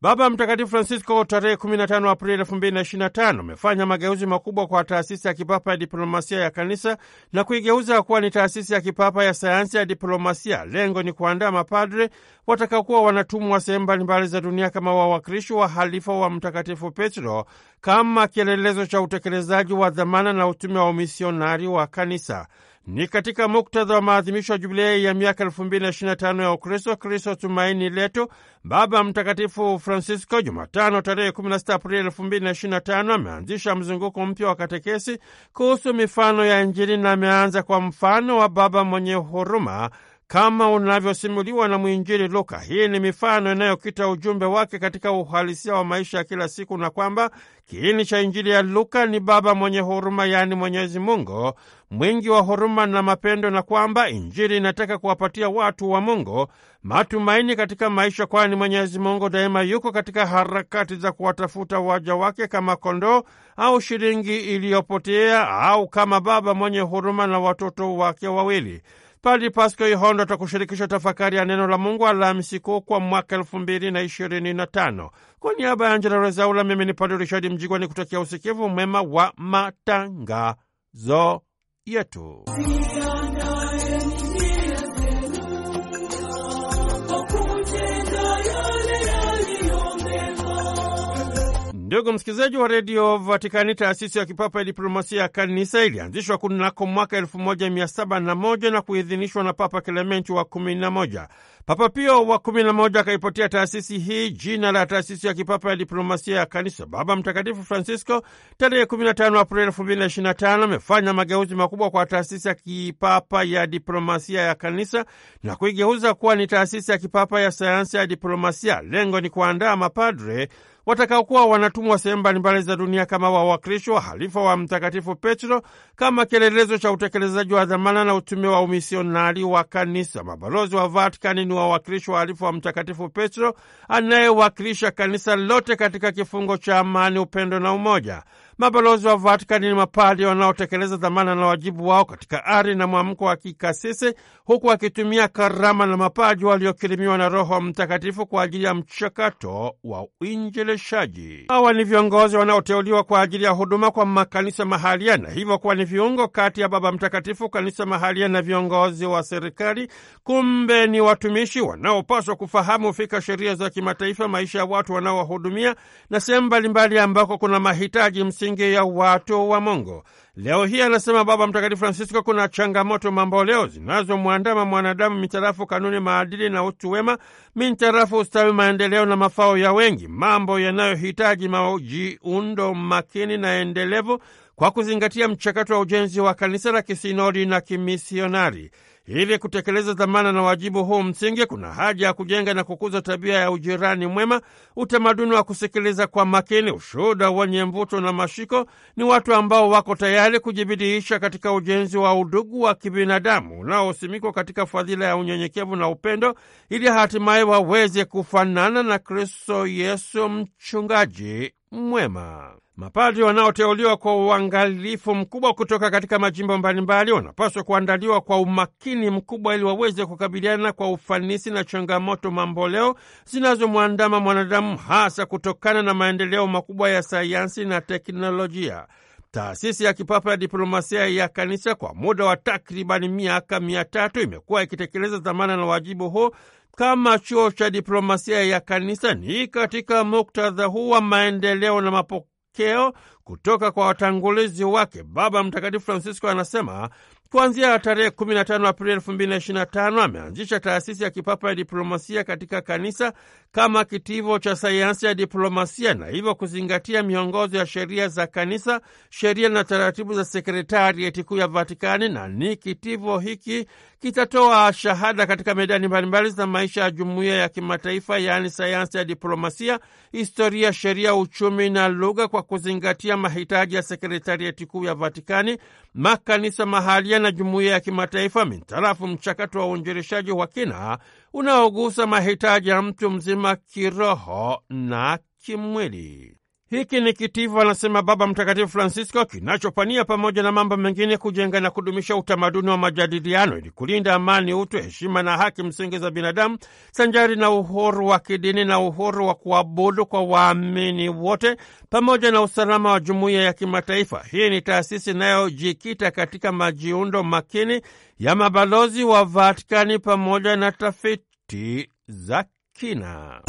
Baba Mtakatifu Francisco tarehe 15 Aprili 2025 amefanya mageuzi makubwa kwa taasisi ya kipapa ya diplomasia ya kanisa na kuigeuza kuwa ni taasisi ya kipapa ya sayansi ya diplomasia. Lengo ni kuandaa mapadre watakaokuwa wanatumwa sehemu mbalimbali za dunia kama wawakilishi wa halifa wa Mtakatifu Petro, kama kielelezo cha utekelezaji wa dhamana na utume wa umisionari wa kanisa. Ni katika muktadha wa maadhimisho ya jubilei ya miaka 2025 ya Ukristo, Kristo tumaini letu, Baba Mtakatifu Francisco Jumatano tarehe 16 Aprili 2025 ameanzisha mzunguko mpya wa katekesi kuhusu mifano ya Injili na ameanza kwa mfano wa baba mwenye huruma kama unavyosimuliwa na mwinjili Luka. Hii ni mifano inayokita ujumbe wake katika uhalisia wa maisha ya kila siku, na kwamba kiini cha Injili ya Luka ni Baba mwenye huruma, yaani Mwenyezi Mungu mwingi wa huruma na mapendo, na kwamba Injili inataka kuwapatia watu wa Mungu matumaini katika maisha, kwani Mwenyezi Mungu daima yuko katika harakati za kuwatafuta waja wake kama kondoo au shilingi iliyopotea, au kama baba mwenye huruma na watoto wake wawili. Padri Paskali Ihondo atakushirikisha tafakari ya neno la Mungu Alhamisi Kuu kwa mwaka elfu mbili na ishirini na tano. Kwa niaba ya Angela Rezaula, mimi ni Padri Richard Mjigwa ni kutakia usikivu mwema wa matangazo yetu. Ndugu msikilizaji wa redio Vatikani, taasisi ya kipapa ya diplomasia ya kanisa ilianzishwa kunako mwaka 1701 na kuidhinishwa na Papa Klementi wa 11. Papa Pio wa 11 akaipatia taasisi hii jina la taasisi ya kipapa ya diplomasia ya kanisa. Baba Mtakatifu Francisco tarehe 15 Aprili 2025 amefanya mageuzi makubwa kwa taasisi ya kipapa ya diplomasia ya kanisa na kuigeuza kuwa ni taasisi ya kipapa ya sayansi ya diplomasia. Lengo ni kuandaa mapadre watakaokuwa wanatumwa sehemu mbalimbali za dunia kama wawakilishi halifa wa Mtakatifu Petro, kama kielelezo cha utekelezaji wa dhamana na utume wa umisionari wa Kanisa. Mabalozi wa Vatikani ni wawakilishi halifa wa Mtakatifu Petro anayewakilisha kanisa lote katika kifungo cha amani, upendo na umoja. Mabalozi wa Vatikani ni mapadi wanaotekeleza dhamana na wajibu wao katika ari na mwamko wa kikasisi, huku wakitumia karama na mapaji waliokirimiwa na Roho Mtakatifu kwa ajili ya mchakato wa uinjilishaji. Hawa ni viongozi wanaoteuliwa kwa ajili ya huduma kwa makanisa mahalia, na hivyo kuwa ni viungo kati ya Baba Mtakatifu, kanisa mahalia na viongozi wa serikali. Kumbe ni watumishi wanaopaswa kufahamu fika sheria za kimataifa, maisha ya watu wanaowahudumia na sehemu mbalimbali ambako kuna mahitaji msingi misingi ya watu wa Mungu Leo hii anasema Baba Mtakatifu Francisco, kuna changamoto mambo leo zinazomwandama mwanadamu mitarafu kanuni, maadili na utu wema, mitarafu ustawi, maendeleo na mafao ya wengi, mambo yanayohitaji majiundo makini na endelevu kwa kuzingatia mchakato wa ujenzi wa kanisa la kisinodi na kimisionari. Ili kutekeleza dhamana na wajibu huu msingi, kuna haja ya kujenga na kukuza tabia ya ujirani mwema, utamaduni wa kusikiliza kwa makini, ushuhuda wenye mvuto na mashiko. Ni watu ambao wako tayari tayari kujibidiisha katika ujenzi wa udugu wa kibinadamu unaosimikwa katika fadhila ya unyenyekevu na upendo, ili hatimaye waweze kufanana na Kristo Yesu mchungaji mwema. Mapadri wanaoteuliwa kwa uangalifu mkubwa kutoka katika majimbo mbalimbali wanapaswa kuandaliwa kwa umakini mkubwa ili waweze kukabiliana kwa ufanisi na changamoto mamboleo zinazomwandama mwanadamu hasa kutokana na maendeleo makubwa ya sayansi na teknolojia. Taasisi ya kipapa ya diplomasia ya kanisa kwa muda wa takribani miaka mia tatu imekuwa ikitekeleza dhamana na wajibu huu kama chuo cha diplomasia ya kanisa. Ni katika muktadha huu wa maendeleo na mapokeo kutoka kwa watangulizi wake, Baba Mtakatifu Francisco anasema Kuanzia tarehe 15 Aprili 2025 ameanzisha taasisi ya kipapa ya diplomasia katika kanisa kama kitivo cha sayansi ya diplomasia na hivyo kuzingatia miongozo ya sheria za kanisa, sheria na taratibu za sekretarieti kuu ya Vatikani, na ni kitivo hiki kitatoa shahada katika medani mbalimbali za maisha ya jumuiya ya kimataifa, yaani sayansi ya diplomasia, historia, sheria, uchumi na lugha, kwa kuzingatia mahitaji ya sekretarieti kuu ya Vatikani, makanisa mahalia pamoja na jumuiya ya kimataifa mintarafu mchakato wa uinjilishaji wa kina unaogusa mahitaji ya mtu mzima kiroho na kimwili. Hiki ni kitivo, anasema Baba Mtakatifu Francisco, kinachopania pamoja na mambo mengine kujenga na kudumisha utamaduni wa majadiliano ili kulinda amani, utu, heshima na haki msingi za binadamu, sanjari na uhuru wa kidini na uhuru wa kuabudu kwa waamini wote, pamoja na usalama wa jumuiya ya kimataifa. Hii ni taasisi inayojikita katika majiundo makini ya mabalozi wa Vatikani pamoja na tafiti za kina.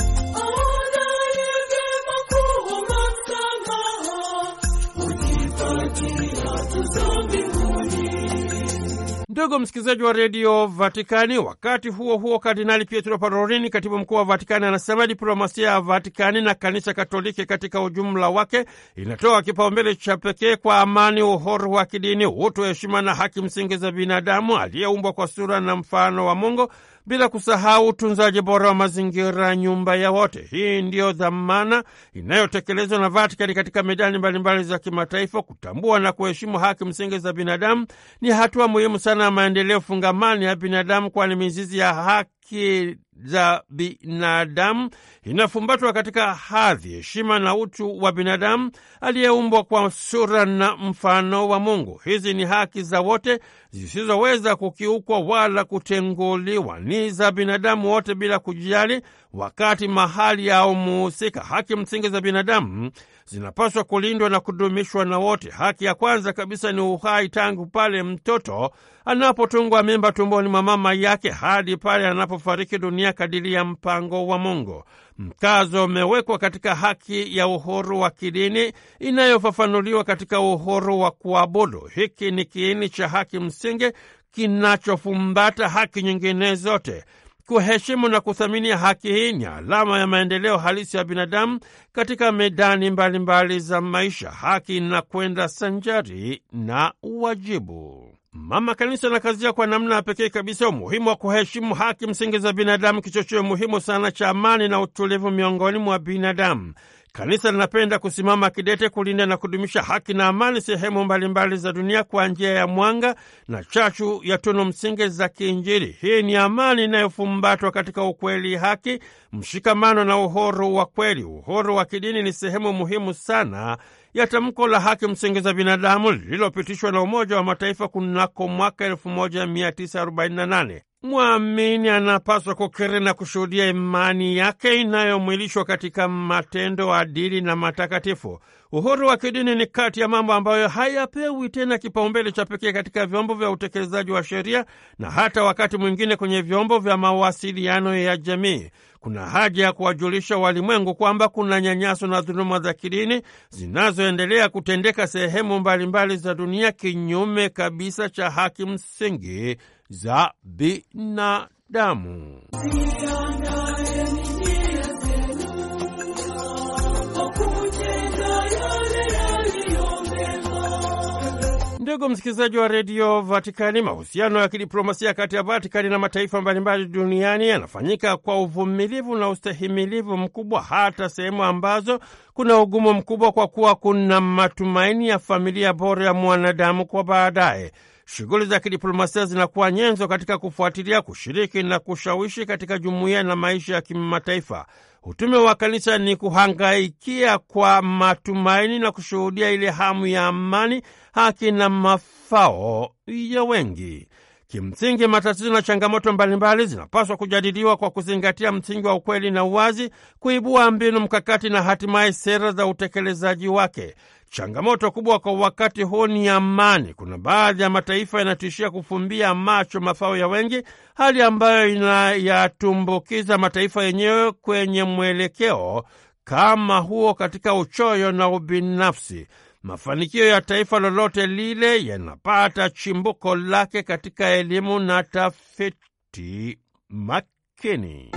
Ndugu msikilizaji wa redio Vatikani, wakati huo huo, Kardinali Pietro Parolin, katibu mkuu wa Vatikani, anasema diplomasia ya Vatikani na kanisa Katoliki katika ujumla wake inatoa kipaumbele cha pekee kwa amani, uhuru wa kidini, utu, heshima na haki msingi za binadamu aliyeumbwa kwa sura na mfano wa Mungu bila kusahau utunzaji bora wa mazingira, nyumba ya wote. Hii ndiyo dhamana inayotekelezwa na Vatikani katika medani mbalimbali za kimataifa. Kutambua na kuheshimu haki msingi za binadamu ni hatua muhimu sana ya maendeleo fungamani ya binadamu, kwani mizizi ya haki haki za binadamu inafumbatwa katika hadhi, heshima na utu wa binadamu aliyeumbwa kwa sura na mfano wa Mungu. Hizi ni haki za wote zisizoweza kukiukwa wala kutenguliwa, ni za binadamu wote bila kujali wakati, mahali au muhusika. Haki msingi za binadamu zinapaswa kulindwa na kudumishwa na wote. Haki ya kwanza kabisa ni uhai, tangu pale mtoto anapotungwa mimba tumboni mwa mama yake hadi pale anapofariki dunia kadiri ya mpango wa Mungu. Mkazo umewekwa katika haki ya uhuru wa kidini inayofafanuliwa katika uhuru wa kuabudu. Hiki ni kiini cha haki msingi kinachofumbata haki nyingine zote. Kuheshimu na kuthamini haki hii ni alama ya maendeleo halisi ya binadamu katika medani mbalimbali mbali za maisha. Haki na kwenda sanjari na wajibu. Mama Kanisa anakazia kwa namna ya pekee kabisa umuhimu wa kuheshimu haki msingi za binadamu, kichocheo muhimu sana cha amani na utulivu miongoni mwa binadamu. Kanisa linapenda kusimama kidete kulinda na kudumisha haki na amani sehemu mbalimbali za dunia kwa njia ya mwanga na chachu ya tunu msingi za kiinjili. Hii ni amani inayofumbatwa katika ukweli, haki, mshikamano na uhuru wa kweli. Uhuru wa kidini ni sehemu muhimu sana ya tamko la haki msingi za binadamu lililopitishwa na Umoja wa Mataifa kunako mwaka 1948. Mwamini anapaswa kukiri na kushuhudia imani yake inayomwilishwa katika matendo, adili na matakatifu. Uhuru wa kidini ni kati ya mambo ambayo hayapewi tena kipaumbele cha pekee katika vyombo vya utekelezaji wa sheria na hata wakati mwingine kwenye vyombo vya mawasiliano ya jamii. Kuna haja ya kuwajulisha walimwengu kwamba kuna nyanyaso na dhuluma za kidini zinazoendelea kutendeka sehemu mbalimbali za dunia, kinyume kabisa cha haki msingi za binadamu. Ndugu msikilizaji wa redio Vatikani, mahusiano ya kidiplomasia kati ya Vatikani na mataifa mbalimbali duniani yanafanyika kwa uvumilivu na ustahimilivu mkubwa, hata sehemu ambazo kuna ugumu mkubwa, kwa kuwa kuna matumaini ya familia bora ya mwanadamu kwa baadaye. Shughuli za kidiplomasia zinakuwa nyenzo katika kufuatilia, kushiriki na kushawishi katika jumuiya na maisha ya kimataifa. Utume wa kanisa ni kuhangaikia kwa matumaini na kushuhudia ile hamu ya amani, haki na mafao ya wengi. Kimsingi, matatizo na changamoto mbalimbali zinapaswa kujadiliwa kwa kuzingatia msingi wa ukweli na uwazi, kuibua mbinu mkakati na hatimaye sera za utekelezaji wake. Changamoto kubwa kwa wakati huu ni amani. Kuna baadhi ya mataifa yanatishia kufumbia macho mafao ya wengi, hali ambayo inayatumbukiza mataifa yenyewe kwenye mwelekeo kama huo katika uchoyo na ubinafsi. Mafanikio ya taifa lolote lile yanapata chimbuko lake katika elimu na tafiti makini.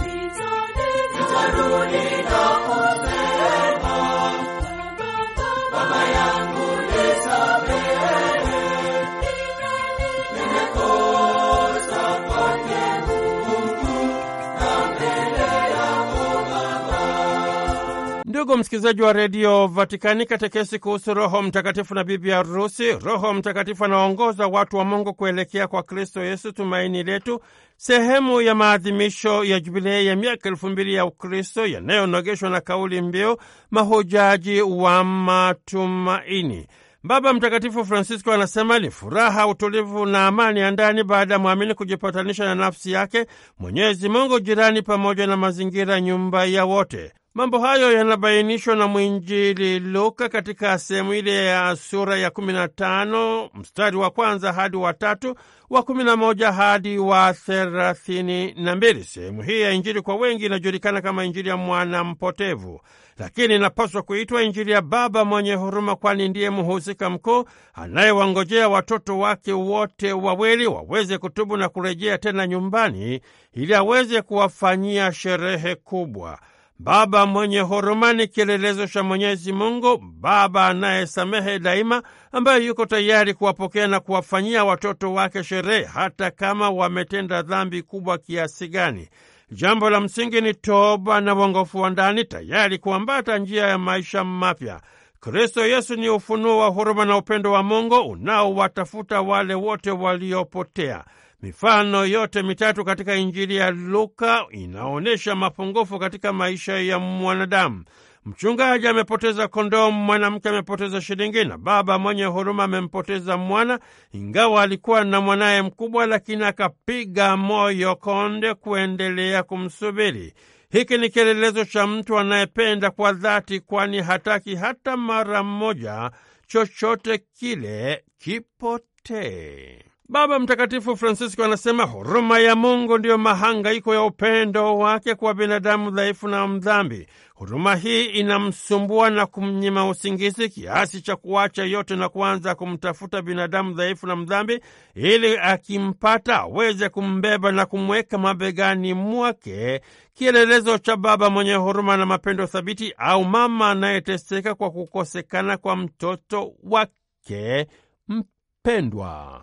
Ndugu msikilizaji wa redio Vatikani, katekesi kuhusu Roho Mtakatifu na bibi rusi Roho Mtakatifu anaongoza watu wa Mungu kuelekea kwa Kristo Yesu, tumaini letu, sehemu ya maadhimisho ya jubilei ya miaka elfu mbili ya Ukristo yanayonogeshwa na kauli mbiu mahujaji wa matumaini. Baba Mtakatifu Francisco anasema ni furaha, utulivu na amani ya ndani baada ya mwamini kujipatanisha na nafsi yake, Mwenyezi Mungu, jirani, pamoja na mazingira, nyumba ya wote. Mambo hayo yanabainishwa na mwinjili Luka katika sehemu ile ya sura ya kumi na tano mstari wa kwanza hadi wa tatu wa kumi na moja hadi wa thelathini na mbili. Sehemu hii ya Injili kwa wengi inajulikana kama Injili ya mwana mpotevu, lakini inapaswa kuitwa Injili ya Baba mwenye huruma, kwani ndiye mhusika mkuu anayewangojea watoto wake wote wawili waweze kutubu na kurejea tena nyumbani ili aweze kuwafanyia sherehe kubwa. Baba mwenye huruma ni kielelezo cha Mwenyezi Mungu, Baba anayesamehe daima, ambaye yuko tayari kuwapokea na kuwafanyia watoto wake sherehe hata kama wametenda dhambi kubwa kiasi gani. Jambo la msingi ni toba na uongofu wa ndani, tayari kuambata njia ya maisha mapya. Kristo Yesu ni ufunuo wa huruma na upendo wa Mungu unaowatafuta wale wote waliopotea. Mifano yote mitatu katika Injili ya Luka inaonyesha mapungufu katika maisha ya mwanadamu. Mchungaji amepoteza kondoo, mwanamke amepoteza shilingi, na baba mwenye huruma amempoteza mwana. Ingawa alikuwa na mwanaye mkubwa, lakini akapiga moyo konde kuendelea kumsubiri. Hiki ni kielelezo cha mtu anayependa kwa dhati, kwani hataki hata mara mmoja chochote kile kipotee. Baba Mtakatifu Francisco anasema huruma ya Mungu ndiyo mahangaiko ya upendo wake kwa binadamu dhaifu na mdhambi. Huruma hii inamsumbua na kumnyima usingizi kiasi cha kuacha yote na kuanza kumtafuta binadamu dhaifu na mdhambi, ili akimpata aweze kumbeba na kumweka mabegani mwake, kielelezo cha baba mwenye huruma na mapendo thabiti, au mama anayeteseka kwa kukosekana kwa mtoto wake mpendwa.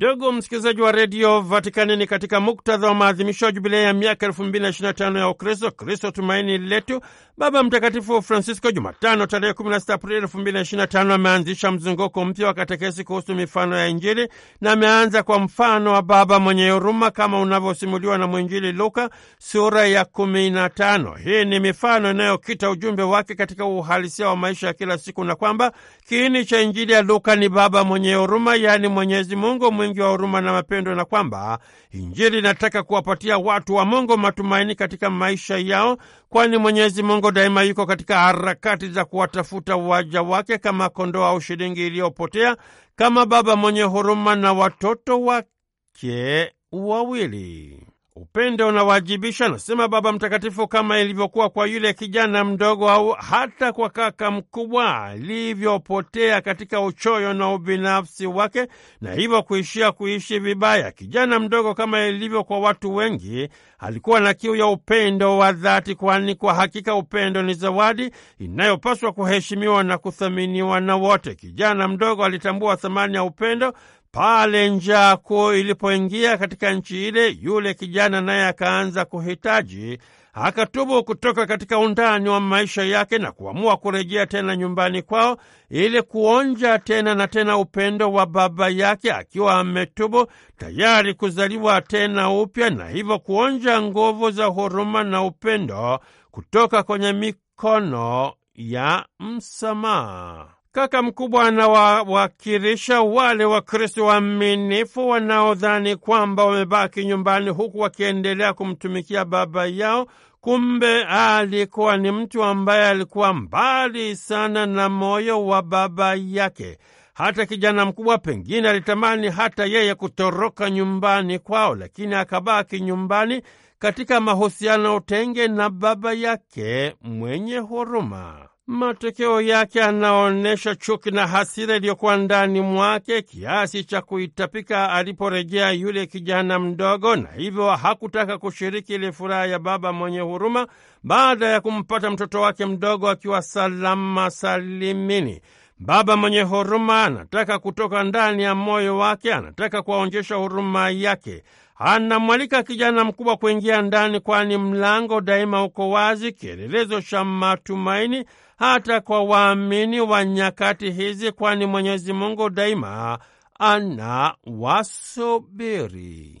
Ndugu msikilizaji wa redio Vatikani, ni katika muktadha wa maadhimisho ya jubilei ya miaka elfu mbili na ishirini na tano ya Ukristo, Kristo tumaini letu, Baba Mtakatifu Francisco Jumatano tarehe 16 Aprili elfu mbili na ishirini na tano ameanzisha mzunguko mpya wa katekesi kuhusu mifano ya Injili na ameanza kwa mfano wa baba mwenye huruma kama unavyosimuliwa na mwinjili Luka sura ya 15. Hii ni mifano inayokita ujumbe wake katika uhalisia wa maisha ya kila siku, na kwamba kiini cha Injili ya Luka ni baba mwenye huruma, yaani Mwenyezi Mungu wengi wa huruma na mapendo, na kwamba Injili inataka kuwapatia watu wa Mungu matumaini katika maisha yao, kwani Mwenyezi Mungu daima yuko katika harakati za kuwatafuta waja wake kama kondoo au shilingi iliyopotea, kama baba mwenye huruma na watoto wake wawili. Upendo unawajibisha, anasema Baba Mtakatifu, kama ilivyokuwa kwa yule kijana mdogo au hata kwa kaka mkubwa alivyopotea katika uchoyo na ubinafsi wake, na hivyo kuishia kuishi vibaya. Kijana mdogo, kama ilivyo kwa watu wengi, alikuwa na kiu ya upendo wa dhati, kwani kwa hakika upendo ni zawadi inayopaswa kuheshimiwa na kuthaminiwa na wote. Kijana mdogo alitambua thamani ya upendo pale njaa kuu ilipoingia katika nchi ile, yule kijana naye akaanza kuhitaji, akatubu kutoka katika undani wa maisha yake na kuamua kurejea tena nyumbani kwao ili kuonja tena na tena upendo wa baba yake, akiwa ametubu tayari kuzaliwa tena upya, na hivyo kuonja nguvu za huruma na upendo kutoka kwenye mikono ya msamaha. Kaka mkubwa anawawakilisha wale Wakristo waaminifu wanaodhani kwamba wamebaki nyumbani huku wakiendelea kumtumikia baba yao. Kumbe alikuwa ni mtu ambaye alikuwa mbali sana na moyo wa baba yake. Hata kijana mkubwa pengine alitamani hata yeye kutoroka nyumbani kwao, lakini akabaki nyumbani katika mahusiano tenge na baba yake mwenye huruma matokeo yake anaonyesha chuki na hasira iliyokuwa ndani mwake kiasi cha kuitapika aliporejea yule kijana mdogo, na hivyo hakutaka kushiriki ile furaha ya baba mwenye huruma baada ya kumpata mtoto wake mdogo akiwa salama salimini. Baba mwenye huruma anataka kutoka ndani ya moyo wake, anataka kuwaonjesha huruma yake. Anamwalika kijana mkubwa kuingia ndani, kwani mlango daima uko wazi, kielelezo cha matumaini hata kwa waamini wa nyakati hizi, kwani Mwenyezi Mungu daima ana wasubiri.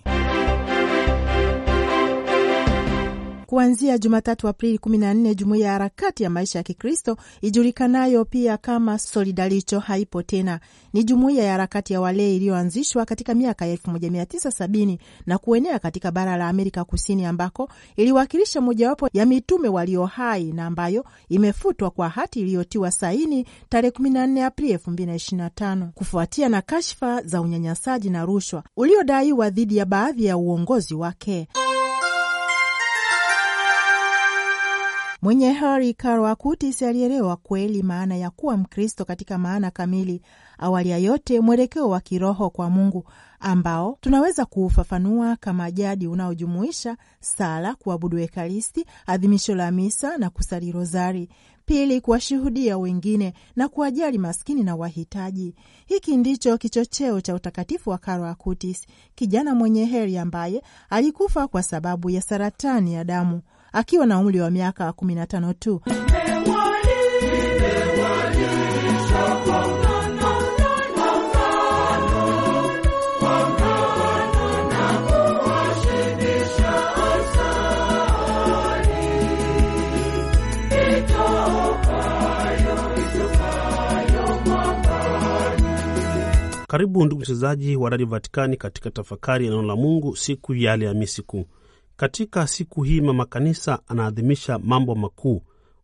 kuanzia Jumatatu Aprili 14, jumuiya ya harakati ya maisha ya Kikristo ijulikanayo pia kama Solidaricho haipo tena. Ni jumuiya ya harakati ya walei iliyoanzishwa katika miaka ya 1970 na kuenea katika bara la Amerika Kusini, ambako iliwakilisha mojawapo ya mitume walio hai na ambayo imefutwa kwa hati iliyotiwa saini tarehe 14 Aprili 2025 kufuatia na kashfa za unyanyasaji na rushwa uliodaiwa dhidi ya baadhi ya uongozi wake. Mwenye heri Karl Acutis alielewa kweli maana ya kuwa Mkristo katika maana kamili, awali ya yote mwelekeo wa kiroho kwa Mungu ambao tunaweza kuufafanua kama jadi unaojumuisha sala, kuabudu Ekaristi, adhimisho la misa na kusali rozari. Pili, kuwashuhudia wengine na kuwajali maskini na wahitaji. Hiki ndicho kichocheo cha utakatifu wa Karl Acutis, kijana mwenye heri ambaye alikufa kwa sababu ya saratani ya damu akiwa na umri wa miaka 15 tu. Karibu ndugu mchezaji wa Radio Vatikani katika tafakari ya neno la Mungu siku ya Alhamisi Kuu. Katika siku hii mama kanisa anaadhimisha mambo makuu.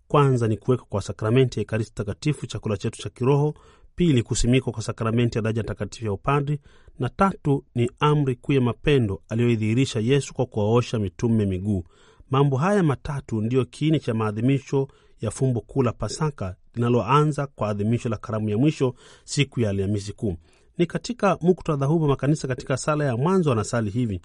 Kwanza ni kuwekwa kwa sakramenti ya Ekaristi Takatifu, chakula chetu cha kiroho; pili, kusimikwa kwa sakramenti ya daraja takatifu ya upadri; na tatu ni amri kuu ya mapendo aliyoidhihirisha Yesu kwa kuwaosha mitume miguu. Mambo haya matatu ndiyo kiini cha maadhimisho ya fumbo kuu la Pasaka linaloanza kwa adhimisho la karamu ya mwisho siku ya Alhamisi Kuu. Ni katika muktadha huu makanisa katika sala ya mwanzo anasali hivi: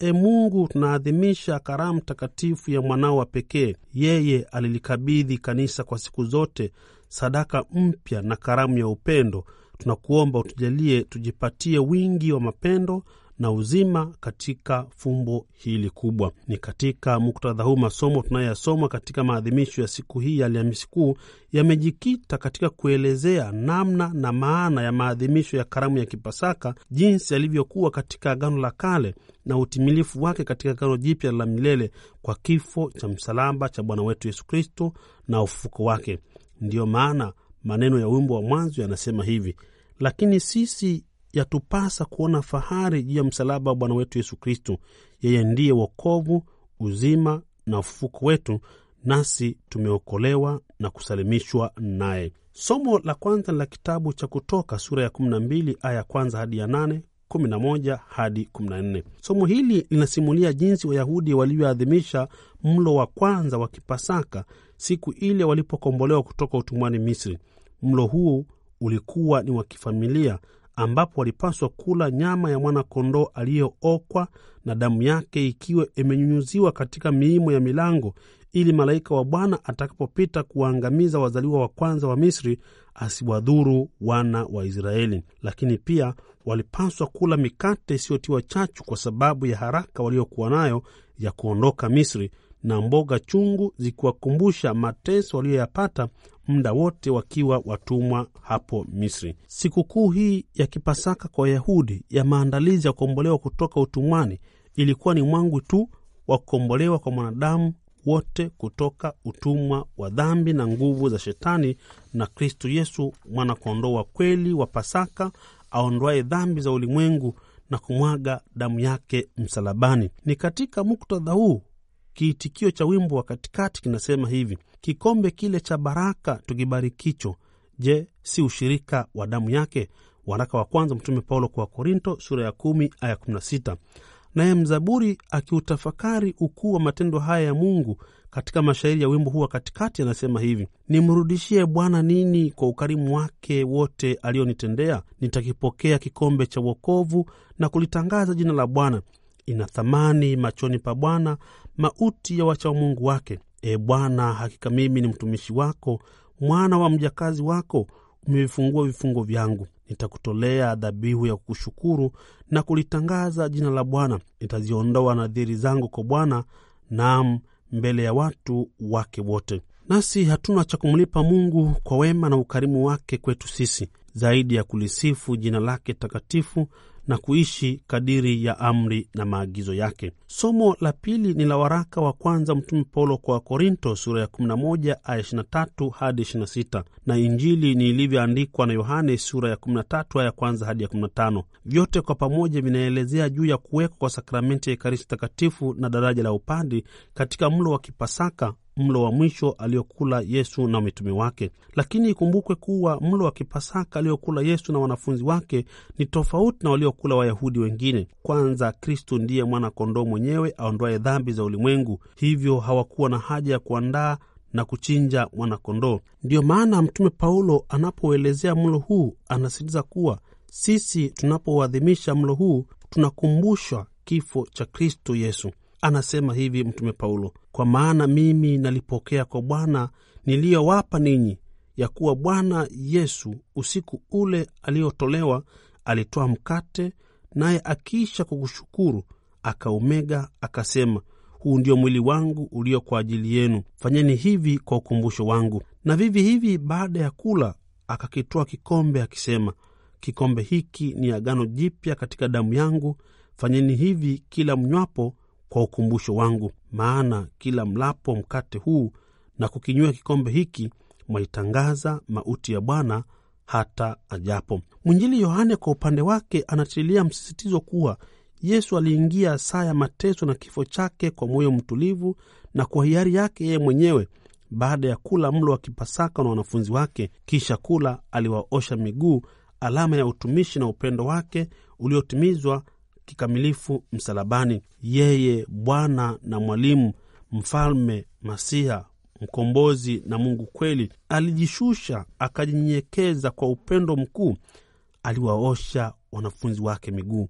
E Mungu, tunaadhimisha karamu takatifu ya mwanao wa pekee. Yeye alilikabidhi kanisa kwa siku zote sadaka mpya na karamu ya upendo. Tunakuomba utujalie tujipatie wingi wa mapendo na uzima katika fumbo hili kubwa. Ni katika muktadha huu masomo tunayoyasoma katika maadhimisho ya siku hii ya Alhamisi Kuu yamejikita katika kuelezea namna na maana ya maadhimisho ya karamu ya Kipasaka jinsi yalivyokuwa katika Agano la Kale na utimilifu wake katika agano jipya la milele kwa kifo cha msalaba cha Bwana wetu Yesu Kristo na ufufuko wake. Ndiyo maana maneno ya wimbo wa mwanzo yanasema hivi: lakini sisi yatupasa kuona fahari juu ya msalaba wa Bwana wetu Yesu Kristo, yeye ndiye wokovu, uzima na ufufuko wetu, nasi tumeokolewa na kusalimishwa naye. Somo la kwanza la kitabu cha Kutoka sura ya 12 aya ya kwanza hadi ya 8 11 hadi 14. Somo hili linasimulia jinsi Wayahudi walivyoadhimisha mlo wa kwanza wa Kipasaka siku ile walipokombolewa kutoka utumwani Misri. Mlo huu ulikuwa ni wa kifamilia ambapo walipaswa kula nyama ya mwana-kondoo aliyookwa na damu yake ikiwa imenyunyuziwa katika miimo ya milango, ili malaika wa Bwana atakapopita kuwaangamiza wazaliwa wa kwanza wa Misri asiwadhuru wana wa Israeli. Lakini pia walipaswa kula mikate isiyotiwa chachu kwa sababu ya haraka waliokuwa nayo ya kuondoka Misri, na mboga chungu zikiwakumbusha mateso waliyoyapata muda wote wakiwa watumwa hapo Misri. Sikukuu hii ya Kipasaka kwa Wayahudi ya maandalizi ya kukombolewa kutoka utumwani ilikuwa ni mwangwi tu wa kukombolewa kwa mwanadamu wote kutoka utumwa wa dhambi na nguvu za Shetani na Kristo Yesu mwanakondoo wa kweli wa Pasaka aondoaye dhambi za ulimwengu na kumwaga damu yake msalabani. Ni katika muktadha huu kiitikio cha wimbo wa katikati kinasema hivi: kikombe kile cha baraka tukibarikicho, je, si ushirika wa damu yake? Waraka wa kwanza Mtume Paulo kwa Korinto sura ya kumi aya kumi na sita naye mzaburi akiutafakari ukuu wa matendo haya ya Mungu katika mashairi ya wimbo huu wa katikati anasema hivi: nimrudishie Bwana nini kwa ukarimu wake wote aliyonitendea Nitakipokea kikombe cha wokovu na kulitangaza jina la Bwana. Ina thamani machoni pa Bwana mauti ya wacha wa Mungu wake. E Bwana, hakika mimi ni mtumishi wako, mwana wa mjakazi wako, umevifungua vifungo vyangu. Nitakutolea dhabihu ya kushukuru na kulitangaza jina la Bwana. Nitaziondoa nadhiri zangu kwa Bwana, naam, mbele ya watu wake wote. Nasi hatuna cha kumlipa Mungu kwa wema na ukarimu wake kwetu sisi zaidi ya kulisifu jina lake takatifu na kuishi kadiri ya amri na maagizo yake. Somo la pili ni la waraka wa kwanza Mtume Paulo kwa Korinto sura ya 11 aya 23 hadi 26, na Injili ni ilivyoandikwa na Yohane sura ya 13 aya kwanza hadi ya 15. Vyote kwa pamoja vinaelezea juu ya kuwekwa kwa sakramenti ya Ekaristi Takatifu na daraja la upadi katika mlo wa Kipasaka mlo wa mwisho aliokula Yesu na mitume wake. Lakini ikumbukwe kuwa mlo wa kipasaka aliokula Yesu na wanafunzi wake ni tofauti na waliokula Wayahudi wengine. Kwanza, kristu ndiye mwana-kondoo mwenyewe aondoaye dhambi za ulimwengu, hivyo hawakuwa na haja ya kuandaa na kuchinja mwana-kondoo. Ndiyo maana Mtume Paulo anapoelezea mlo huu anasisitiza kuwa sisi tunapouadhimisha mlo huu tunakumbushwa kifo cha Kristo Yesu. Anasema hivi Mtume Paulo, kwa maana mimi nalipokea kwa Bwana niliyowapa ninyi, ya kuwa Bwana Yesu usiku ule aliotolewa alitoa mkate, naye akiisha kukushukuru akaumega, akasema, huu ndio mwili wangu ulio kwa ajili yenu, fanyeni hivi kwa ukumbusho wangu. Na vivi hivi baada ya kula akakitoa kikombe, akisema, kikombe hiki ni agano jipya katika damu yangu, fanyeni hivi kila mnywapo kwa ukumbusho wangu, maana kila mlapo mkate huu na kukinywia kikombe hiki mwaitangaza mauti ya Bwana hata ajapo. Mwinjili Yohane kwa upande wake anatilia msisitizo kuwa Yesu aliingia saa ya mateso na kifo chake kwa moyo mtulivu na kwa hiari yake yeye mwenyewe. Baada ya kula mlo wa Kipasaka na wanafunzi wake, kisha kula, aliwaosha miguu, alama ya utumishi na upendo wake uliotimizwa kikamilifu msalabani. Yeye Bwana na mwalimu, mfalme, masiha, mkombozi na Mungu kweli, alijishusha akajinyenyekeza kwa upendo mkuu, aliwaosha wanafunzi wake miguu.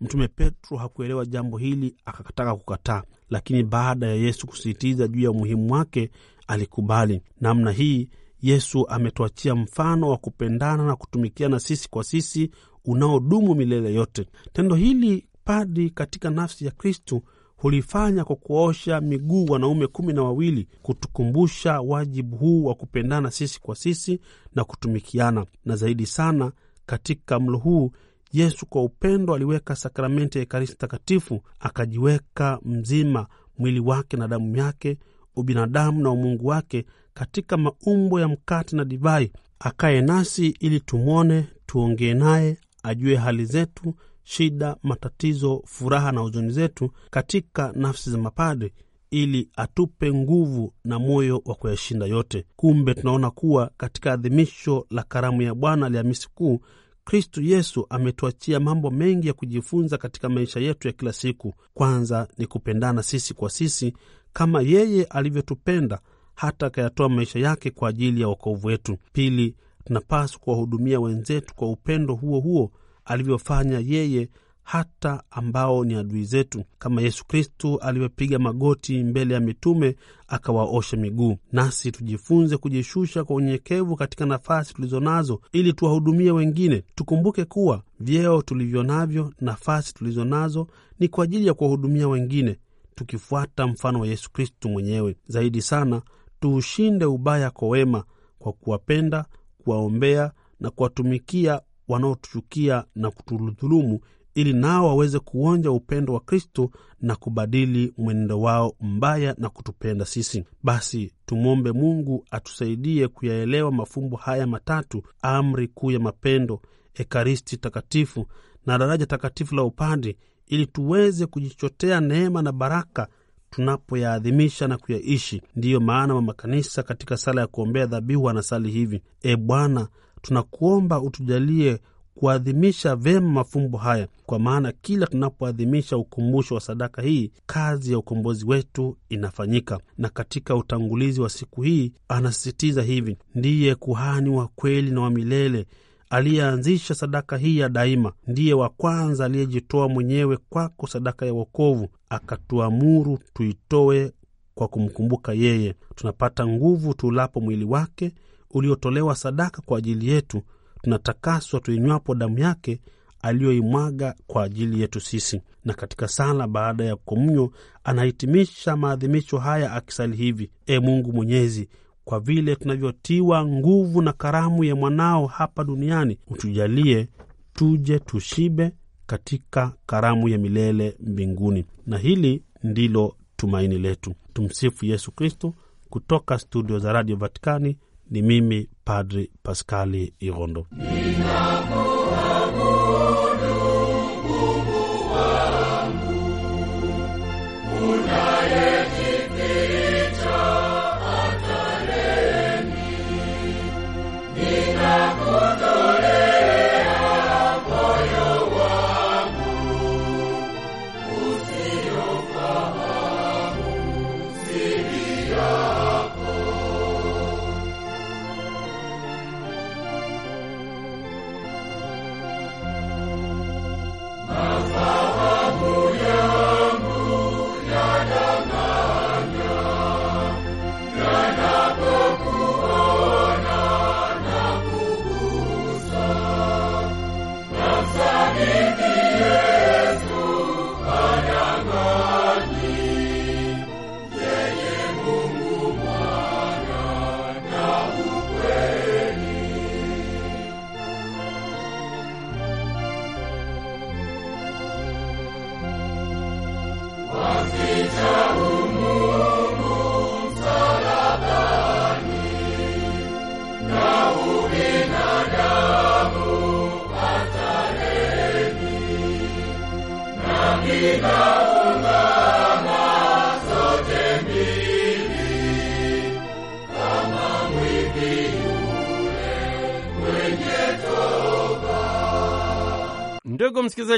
Mtume Petro hakuelewa jambo hili, akataka kukataa, lakini baada ya Yesu kusisitiza juu ya umuhimu wake, alikubali. Namna hii Yesu ametuachia mfano wa kupendana na kutumikiana sisi kwa sisi, unaodumu milele yote. Tendo hili padi katika nafsi ya Kristu hulifanya kwa kuwaosha miguu wanaume kumi na wawili kutukumbusha wajibu huu wa kupendana sisi kwa sisi na kutumikiana. Na zaidi sana katika mlo huu Yesu kwa upendo aliweka sakramenti ya Ekaristi Takatifu, akajiweka mzima mwili wake na damu yake, ubinadamu na umungu wake katika maumbo ya mkate na divai, akaye nasi ili tumwone, tuongee naye, ajue hali zetu, shida, matatizo, furaha na huzuni zetu katika nafsi za mapadri ili atupe nguvu na moyo wa kuyashinda yote. Kumbe tunaona kuwa katika adhimisho la karamu ya Bwana Alhamisi Kuu, Kristu Yesu ametuachia mambo mengi ya kujifunza katika maisha yetu ya kila siku. Kwanza ni kupendana sisi kwa sisi kama yeye alivyotupenda hata akayatoa maisha yake kwa ajili ya wokovu wetu. Pili tunapaswa kuwahudumia wenzetu kwa upendo huo huo alivyofanya yeye hata ambao ni adui zetu, kama Yesu Kristu alivyopiga magoti mbele ya mitume akawaosha miguu. Nasi tujifunze kujishusha kwa unyenyekevu katika nafasi tulizo nazo, ili tuwahudumie wengine. Tukumbuke kuwa vyeo tulivyo navyo, nafasi tulizo nazo, ni kwa ajili ya kuwahudumia wengine, tukifuata mfano wa Yesu Kristu mwenyewe. Zaidi sana, tuushinde ubaya kwa wema, kwa kuwapenda kuwaombea na kuwatumikia wanaotuchukia na kutudhulumu, ili nao waweze kuonja upendo wa Kristo na kubadili mwenendo wao mbaya na kutupenda sisi. Basi tumwombe Mungu atusaidie kuyaelewa mafumbo haya matatu: amri kuu ya mapendo, Ekaristi Takatifu na daraja takatifu la upadi, ili tuweze kujichotea neema na baraka tunapoyaadhimisha na kuyaishi. Ndiyo maana mama kanisa katika sala ya kuombea dhabihu anasali hivi: E Bwana, tunakuomba utujalie kuadhimisha vema mafumbo haya, kwa maana kila tunapoadhimisha ukumbusho wa sadaka hii, kazi ya ukombozi wetu inafanyika. Na katika utangulizi wa siku hii anasisitiza hivi: ndiye kuhani wa kweli na wa milele aliyeanzisha sadaka hii ya daima, ndiye wa kwanza aliyejitoa mwenyewe kwako sadaka ya wokovu, akatuamuru tuitoe kwa kumkumbuka yeye. Tunapata nguvu tuulapo mwili wake uliotolewa sadaka kwa ajili yetu, tunatakaswa tuinywapo damu yake aliyoimwaga kwa ajili yetu sisi. Na katika sala baada ya komunyo anahitimisha maadhimisho haya akisali hivi: E Mungu Mwenyezi, kwa vile tunavyotiwa nguvu na karamu ya mwanao hapa duniani, utujalie tuje tushibe katika karamu ya milele mbinguni. Na hili ndilo tumaini letu. Tumsifu Yesu Kristo. Kutoka studio za Radio Vatikani ni mimi Padri Paskali Irondo.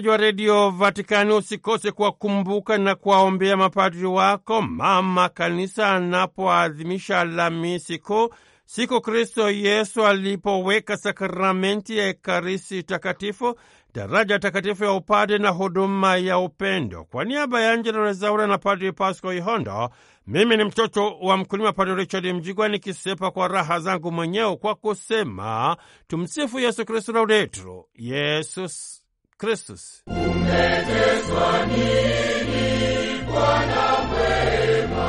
msikilizaji wa redio Vatikani, usikose kuwakumbuka na kuwaombea mapadri wako, mama kanisa anapoadhimisha Alhamisi Kuu, siku Kristo Yesu alipoweka sakramenti ya Ekaristi Takatifu, daraja takatifu ya upade na huduma ya upendo. Kwa niaba ya Angela Rezaura na Padri Pasco Ihondo, mimi ni mtoto wa mkulima Padri Richard Mjigwa, nikisepa kwa raha zangu mwenyewe kwa kusema tumsifu Yesu Kristu, laudetur Yesus Kristus. Umeteswa nini, Bwana mwema?